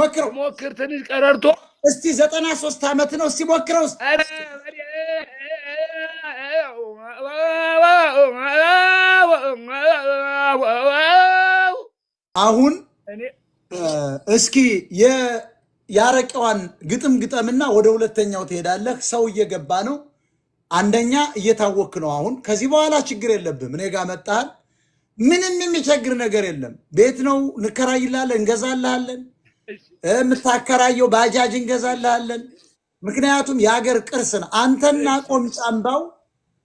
ሞክረው ሞክር፣ ትንሽ ቀረርቶ እስቲ ዘጠና ሶስት ዓመት ነው። እስቲ ሞክረው አሁን እስኪ የአረቄዋን ግጥም ግጠምና ወደ ሁለተኛው ትሄዳለህ። ሰው እየገባ ነው። አንደኛ እየታወክ ነው። አሁን ከዚህ በኋላ ችግር የለብም። እኔ ጋር መጣሃል። ምንም የሚቸግር ነገር የለም። ቤት ነው፣ እንከራይልሃለን፣ እንገዛልሃለን የምታከራየው ባጃጅ እንገዛልሃለን። ምክንያቱም የሀገር ቅርስን አንተና ቆምጫምባው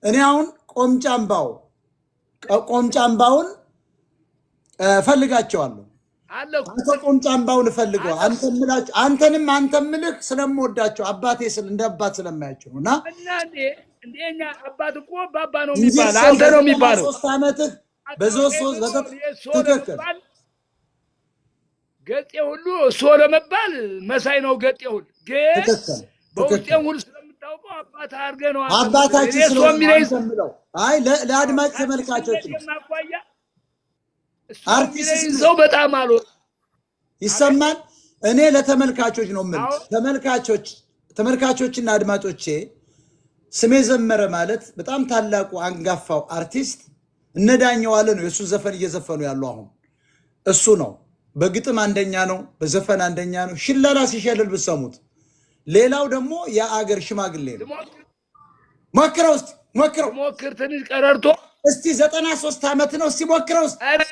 እኔ አሁን ቆምጫምባው ቆምጫምባውን እፈልጋቸዋለሁ። አንተ ቆምጫምባውን እፈልገዋል። አንተንም አንተ ምልህ ስለምወዳቸው አባቴ እንደ አባት ስለማያቸው እና እንደኛ አባት እኮ ባባ ነው የሚባለው አንተ ነው የሚባለው ሶስት ዓመትህ በዞ ሶስት ትክክል ገጤ ሁሉ እሱ ለመባል መሳይ ነው። ገጤ ሁሉ ግን በውጤ ሁሉ ስለምታውቀው አባት አድርገህ ነው አባታችን ስለሚለው አይ ለአድማጭ ተመልካቾች አርቲስት ሰው በጣም አሉ ይሰማል። እኔ ለተመልካቾች ነው ምን ተመልካቾች ተመልካቾችና አድማጮቼ ስሜ ዘመረ ማለት በጣም ታላቁ አንጋፋው አርቲስት እነዳኘው አለ ነው የእሱ ዘፈን እየዘፈኑ ያሉ አሁን እሱ ነው በግጥም አንደኛ ነው፣ በዘፈን አንደኛ ነው። ሽለላ ሲሸልል ብሰሙት። ሌላው ደግሞ የአገር ሽማግሌ ነው። ሞክረው እስኪ ሞክረው፣ ሞክር ትንሽ ቀረርቶ እስቲ ዘጠና ሶስት ዓመት ነው። እስቲ ሞክረው እስኪ